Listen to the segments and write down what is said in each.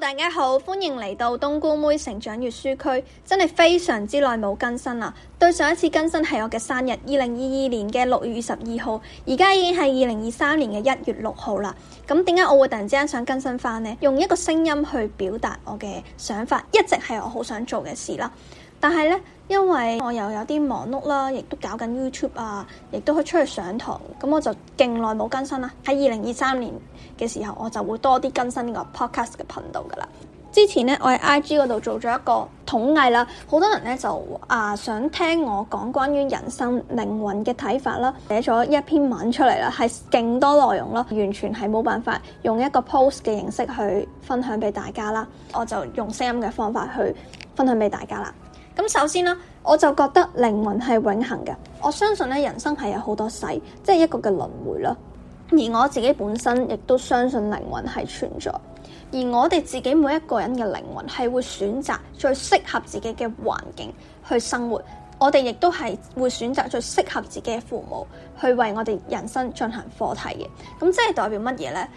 大家好，歡迎嚟到冬菇妹成長閱書區，真係非常之耐冇更新啦。對上一次更新係我嘅生日，二零二二年嘅六月二十二號，而家已經係二零二三年嘅一月六號啦。咁點解我會突然之間想更新返呢？用一個聲音去表達我嘅想法，一直係我好想做嘅事啦。但係呢，因為我又有啲忙碌啦，亦都搞緊 YouTube 啊，亦都去出去上堂。咁我就勁耐冇更新啦。喺二零二三年嘅時候，我就會多啲更新呢個 podcast 嘅頻道噶啦。之前咧，我喺 IG 嗰度做咗一個統計啦，好多人咧就啊想聽我講關於人生靈魂嘅睇法啦，寫咗一篇文出嚟啦，係勁多內容咯，完全係冇辦法用一個 post 嘅形式去分享俾大家啦，我就用聲音嘅方法去分享俾大家啦。咁首先啦，我就覺得靈魂係永恒嘅，我相信咧人生係有好多世，即係一個嘅輪回咯。而我自己本身亦都相信靈魂係存在，而我哋自己每一個人嘅靈魂係會選擇最適合自己嘅環境去生活，我哋亦都係會選擇最適合自己嘅父母去為我哋人生進行課題嘅。咁即係代表乜嘢咧？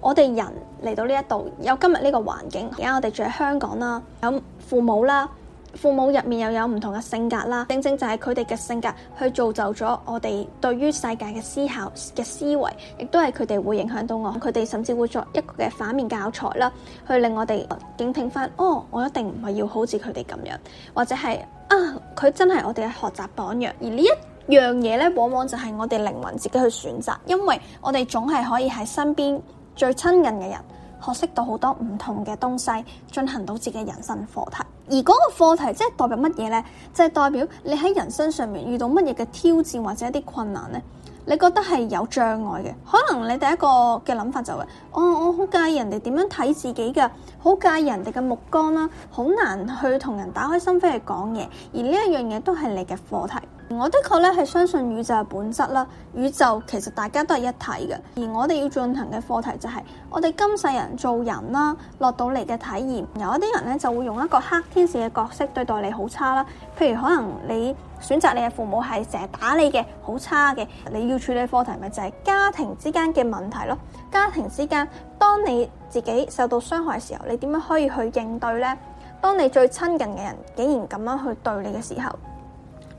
我哋人嚟到呢一度，有今日呢個環境，而家我哋住喺香港啦，有父母啦。父母入面又有唔同嘅性格啦，正正就係佢哋嘅性格去造就咗我哋對於世界嘅思考嘅思維，亦都係佢哋會影響到我。佢哋甚至會作一個嘅反面教材啦，去令我哋警惕翻。哦，我一定唔係要好似佢哋咁樣，或者係啊，佢真係我哋嘅學習榜樣。而呢一樣嘢咧，往往就係我哋靈魂自己去選擇，因為我哋總係可以喺身邊最親近嘅人。學識到好多唔同嘅東西，進行到自己人生課題。而嗰個課題即係代表乜嘢呢？就係代表你喺人生上面遇到乜嘢嘅挑戰或者一啲困難呢？你覺得係有障礙嘅？可能你第一個嘅諗法就係哦，我我好介意人哋點樣睇自己噶好介意人哋嘅目光啦，好難去同人打開心扉去講嘢。而呢一樣嘢都係你嘅課題。我的確咧係相信宇宙嘅本質啦，宇宙其實大家都係一體嘅。而我哋要進行嘅課題就係我哋今世人做人啦，落到嚟嘅體驗。有一啲人咧就會用一個黑天使嘅角色對待你好差啦。譬如可能你選擇你嘅父母係成日打你嘅，好差嘅。你要處理課題咪就係家庭之間嘅問題咯。家庭之間，當你自己受到傷害嘅時候，你點樣可以去應對呢？當你最親近嘅人竟然咁樣去對你嘅時候？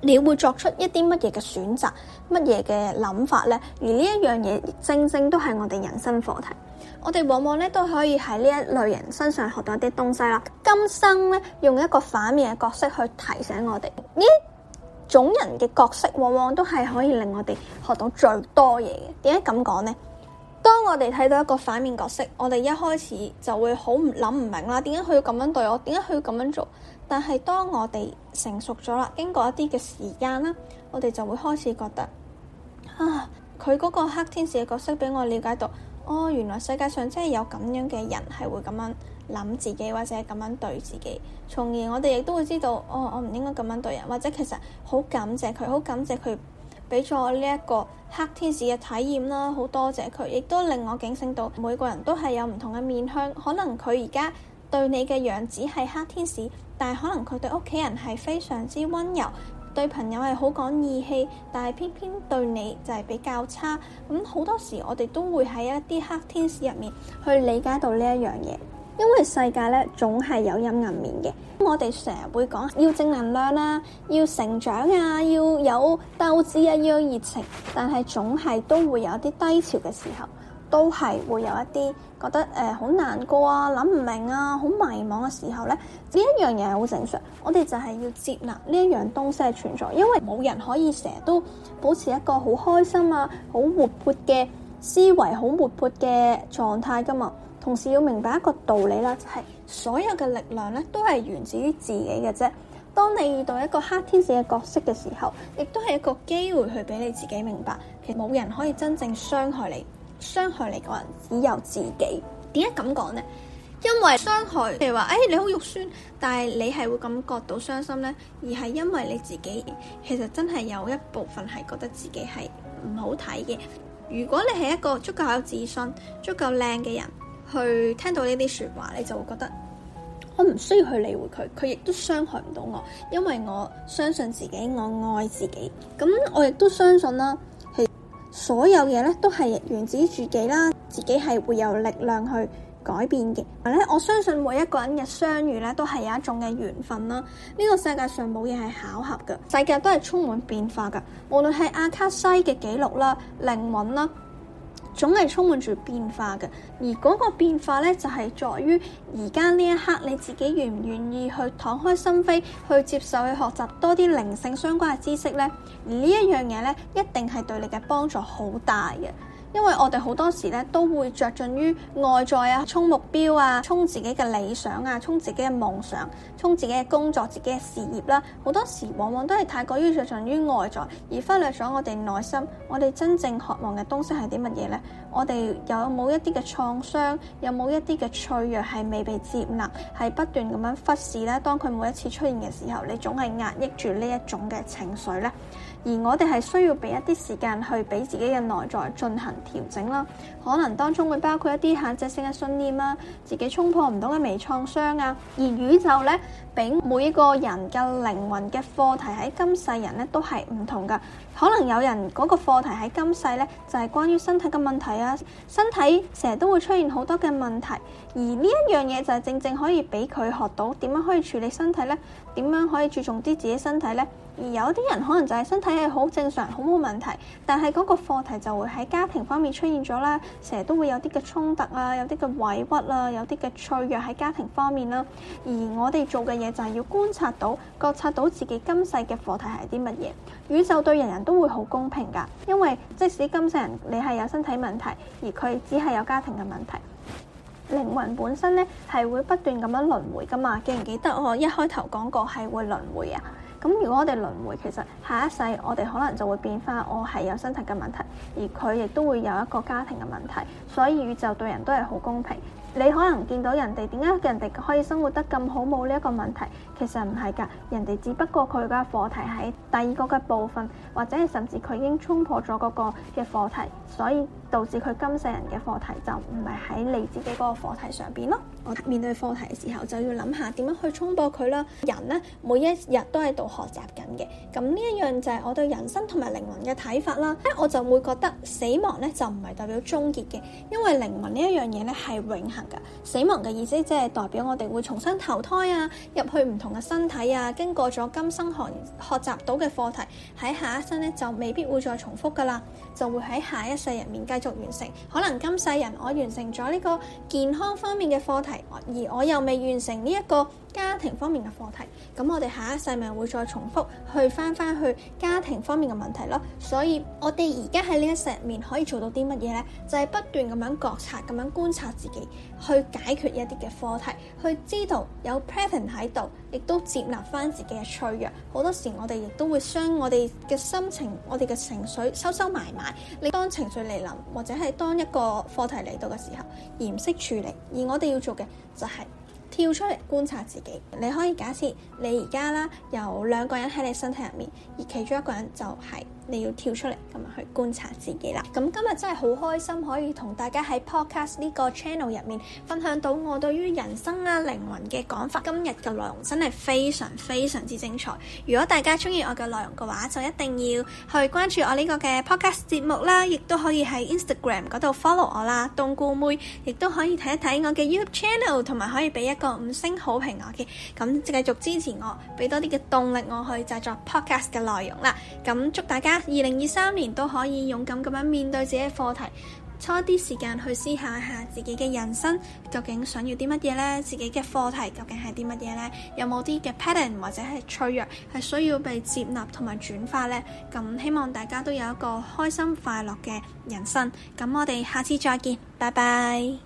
你會作出一啲乜嘢嘅選擇，乜嘢嘅諗法呢？而呢一樣嘢正正都係我哋人生課題。我哋往往咧都可以喺呢一類人身上學到一啲東西啦。今生咧用一個反面嘅角色去提醒我哋，呢種人嘅角色往往都係可以令我哋學到最多嘢嘅。點解咁講呢？當我哋睇到一個反面角色，我哋一開始就會好唔諗唔明啦。點解佢要咁樣對我？點解佢要咁樣做？但係當我哋成熟咗啦，經過一啲嘅時間啦，我哋就會開始覺得啊，佢嗰個黑天使嘅角色俾我了解到，哦，原來世界上真係有咁樣嘅人係會咁樣諗自己或者咁樣對自己，從而我哋亦都會知道，哦，我唔應該咁樣對人，或者其實好感謝佢，好感謝佢俾咗我呢一個黑天使嘅體驗啦，好多謝佢，亦都令我警醒到每個人都係有唔同嘅面向，可能佢而家，對你嘅樣子係黑天使，但係可能佢對屋企人係非常之温柔，對朋友係好講義氣，但係偏偏對你就係比較差。咁好多時我哋都會喺一啲黑天使入面去理解到呢一樣嘢，因為世界咧總係有陰暗面嘅。咁我哋成日會講要正能量啦，要成長啊，要有鬥志啊，要有熱情，但係總係都會有啲低潮嘅時候。都係會有一啲覺得誒好、呃、難過啊，諗唔明啊，好迷茫嘅時候呢。呢一樣嘢係好正常。我哋就係要接納呢一樣東西係存在，因為冇人可以成日都保持一個好開心啊、好活潑嘅思維、好活潑嘅狀態噶嘛。同時要明白一個道理啦，就是，就係所有嘅力量呢都係源自於自己嘅啫。當你遇到一個黑天使嘅角色嘅時候，亦都係一個機會去俾你自己明白，其實冇人可以真正傷害你。傷害你個人只有自己，點解咁講呢？因為傷害，譬如話誒、哎、你好肉酸，但係你係會感覺到傷心呢。而係因為你自己其實真係有一部分係覺得自己係唔好睇嘅。如果你係一個足夠有自信、足夠靚嘅人，去聽到呢啲說話，你就會覺得我唔需要去理會佢，佢亦都傷害唔到我，因為我相信自己，我愛自己，咁我亦都相信啦。所有嘢咧都係源自於自己啦，自己係會有力量去改變嘅。我相信每一個人嘅相遇咧都係有一種嘅緣分啦。呢個世界上冇嘢係巧合噶世界都係充滿變化噶無論係阿卡西嘅記錄啦，靈魂啦。總係充滿住變化嘅，而嗰個變化呢，就係在於而家呢一刻你自己願唔願意去敞開心扉去接受去學習多啲靈性相關嘅知識呢？而呢一樣嘢呢，一定係對你嘅幫助好大嘅。因為我哋好多時咧都會着重於外在啊，衝目標啊，衝自己嘅理想啊，衝自己嘅夢想，衝自己嘅工作、自己嘅事業啦。好多時往往都係太過於着重於外在，而忽略咗我哋內心。我哋真正渴望嘅東西係啲乜嘢呢？我哋有冇一啲嘅創傷？有冇一啲嘅脆弱係未被接納？係不斷咁樣忽視咧？當佢每一次出現嘅時候，你總係壓抑住呢一種嘅情緒呢。而我哋係需要俾一啲時間去俾自己嘅內在進行調整啦，可能當中會包括一啲限制性嘅信念啊，自己衝破唔到嘅微創傷啊，而宇宙咧，俾每一個人嘅靈魂嘅課題喺今世人咧都係唔同噶，可能有人嗰個課題喺今世咧就係關於身體嘅問題啊，身體成日都會出現好多嘅問題，而呢一樣嘢就係正正可以俾佢學到點樣可以處理身體呢？點樣可以注重啲自己身體呢？而有啲人可能就係身體係好正常，好冇問題，但係嗰個課題就會喺家庭方面出現咗啦。成日都會有啲嘅衝突啊，有啲嘅委屈啦，有啲嘅脆弱喺家庭方面啦。而我哋做嘅嘢就係要觀察到、覺察到自己今世嘅課題係啲乜嘢。宇宙對人人都會好公平㗎，因為即使今世人你係有身體問題，而佢只係有家庭嘅問題。靈魂本身咧係會不斷咁樣輪迴㗎嘛，記唔記得我一開頭講過係會輪迴啊？咁如果我哋輪迴，其實下一世我哋可能就會變翻，我係有身體嘅問題，而佢亦都會有一個家庭嘅問題。所以宇宙對人都係好公平。你可能見到人哋點解人哋可以生活得咁好，冇呢一個問題。其實唔係噶，人哋只不過佢嘅課題喺第二個嘅部分，或者係甚至佢已經衝破咗嗰個嘅課題。所以。導致佢今世人嘅課題就唔係喺你自己嗰個課題上邊咯。我面對課題嘅時候就要諗下點樣去衝破佢啦。人呢，每一日都喺度學習緊嘅，咁呢一樣就係我對人生同埋靈魂嘅睇法啦。我就會覺得死亡呢就唔係代表終結嘅，因為靈魂呢一樣嘢呢係永恆噶。死亡嘅意思即係代表我哋會重新投胎啊，入去唔同嘅身體啊，經過咗今生學學習到嘅課題，喺下一生呢就未必會再重複噶啦，就會喺下一世入面繼繼續完成，可能今世人我完成咗呢個健康方面嘅課題，而我又未完成呢一個。家庭方面嘅課題，咁我哋下一世咪會再重複去翻翻去家庭方面嘅問題咯。所以我哋而家喺呢一世入面可以做到啲乜嘢呢？就係、是、不斷咁樣覺察，咁樣觀察自己，去解決一啲嘅課題，去知道有 pattern 喺度，亦都接納翻自己嘅脆弱。好多時我哋亦都會將我哋嘅心情、我哋嘅情緒收收埋埋。你當情緒嚟臨，或者係當一個課題嚟到嘅時候，嚴式處理。而我哋要做嘅就係、是。跳出嚟觀察自己，你可以假設你而家啦，有兩個人喺你身體入面，而其中一個人就係、是。你要跳出嚟咁去觀察自己啦。咁今日真係好開心可以同大家喺 podcast 呢個 channel 入面分享到我對於人生啊、靈魂嘅講法。今日嘅內容真係非常非常之精彩。如果大家中意我嘅內容嘅話，就一定要去關注我呢個嘅 podcast 節目啦。亦都可以喺 Instagram 度 follow 我啦，冬菇妹。亦都可以睇一睇我嘅 YouTube channel，同埋可以俾一個五星好評我嘅。咁繼續支持我，俾多啲嘅動力我去製作 podcast 嘅內容啦。咁祝大家。二零二三年都可以勇敢咁樣面對自己嘅課題，抽啲時間去思考一下自己嘅人生究竟想要啲乜嘢呢？自己嘅課題究竟係啲乜嘢呢？有冇啲嘅 pattern 或者係脆弱係需要被接納同埋轉化呢？咁希望大家都有一個開心快樂嘅人生。咁我哋下次再見，拜拜。